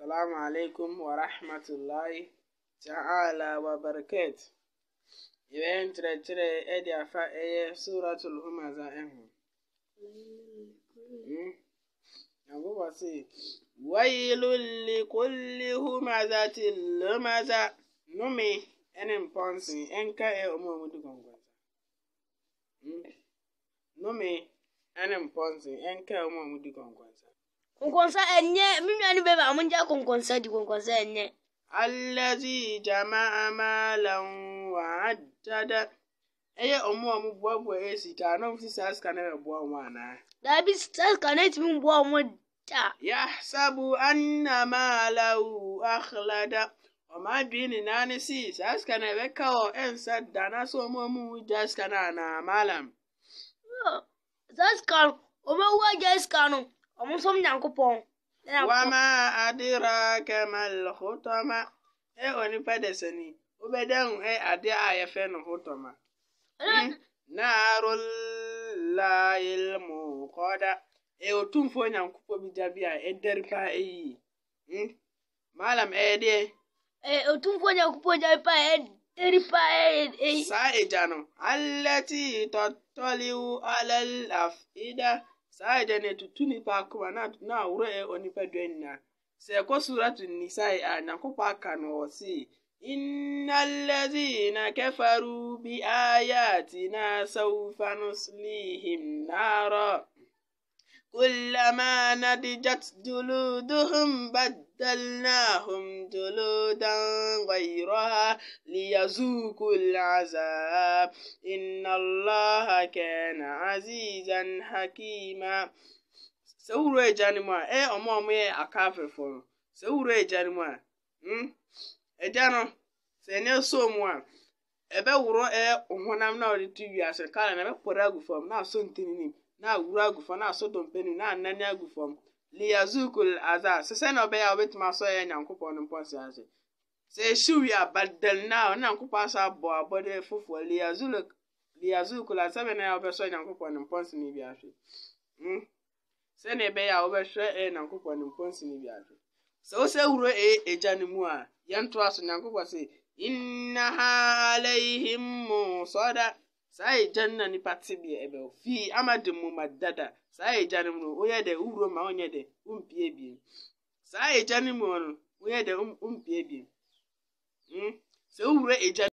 Assalamu alaikum wa rahmatullahi ta'ala wa barakat. Iwe ntire-tire edi afa eye surat humaza ehu. Hmm? Abubuwa si, wailun li kulli humazatin lumaza numi enin ponsi enka e Konkonsa enye mimyani bebe amunja konkonsa di konkonsa enye. Allazi jama'a malan wa addada. Eye omu omu bua bua e sita na omu sisa aska na bua omu ana. Dabi sita aska na itimi bua omu ta. Yahsabu anna malahu akhlada. Ọmọ adùn ní nání sí sàásìkà náà ẹ̀bẹ̀ káwọ̀ ẹ̀ ń sá dáná sí ọmọ ọmọ wù jásìkà náà nà á má làm. Sàásìkà ọmọ wù jásìkà omusomi nyankopɔn wama adiraka mal hutama e onipa desani wobɛdan e adeɛ hmm? e a yɛfrɛ no hutama naarul lail e otumfoɔ nyankopɔn bi da bi a ɛdɛre paa ɛyie malam ɛyɛ deɛ otumfoɔ nyankopɔn da bi e paa ɛdɛre paa ɛyie saa e ɛgya no alati tɔtɔliw alal saa ɛdɛ no ɛtutu nnipa akoma na na aworɔ ɛ onipa dua nyinaa sɛ ɛkɔ suratu nisae a nyankopɔn aka no wɔ se inna alladhina kafaru bi ayatina sawfa nuslihim nara كلما نضجت جلودهم بدلناهم جلودا غيرها ليذوقوا العذاب إن الله كان عزيزا حكيما sɛwuro agyane mu a ɛyɛ ɔmo a ɔmoyɛ akaafofoɔ no sɛwuro agyane mu a mm no sɛ ɛne so mu a ɛbɛworɔ ɛyɛ ɔhonam na ɔde to wiase kala na ɛbɛpɔre agu fam na ntini nim n'awura agu fam n'asɔ dɔmpɛni n'anani agu fam liyazukul aza sɛsɛ na ɔbɛyɛ hmm? e, e, e a ɔbɛtumi asɔ yɛ nyankopɔn no mpɔnsi ase sɛ ehyiw yɛ abadal na ɔne nyankopɔn asɔ abɔ abɔde foforɔ liyazuluk liyazukul aza bɛ na yɛ ɔbɛsɔ nyankopɔn no mpɔnsi no bi ahwɛ mm sɛnea ɛbɛyɛ a ɔbɛhwɛ ɛyɛ nyankopɔn no mpɔnsi no bi ahwɛ sɛ wosɛ wuro ɛyɛ egya no mu a yɛntoa so nyankopɔn sɛ inna ha alayhim musɔda saa egya no na nipa te deɛ ɛbɛwɔ fii ama de mu ma dada saa egya no mu no woyɛ dɛ wuro ma wonyɛ dɛ wompie bie saa egya no mu no woyɛ dɛ wompie bie hmm? sɛ wowura egya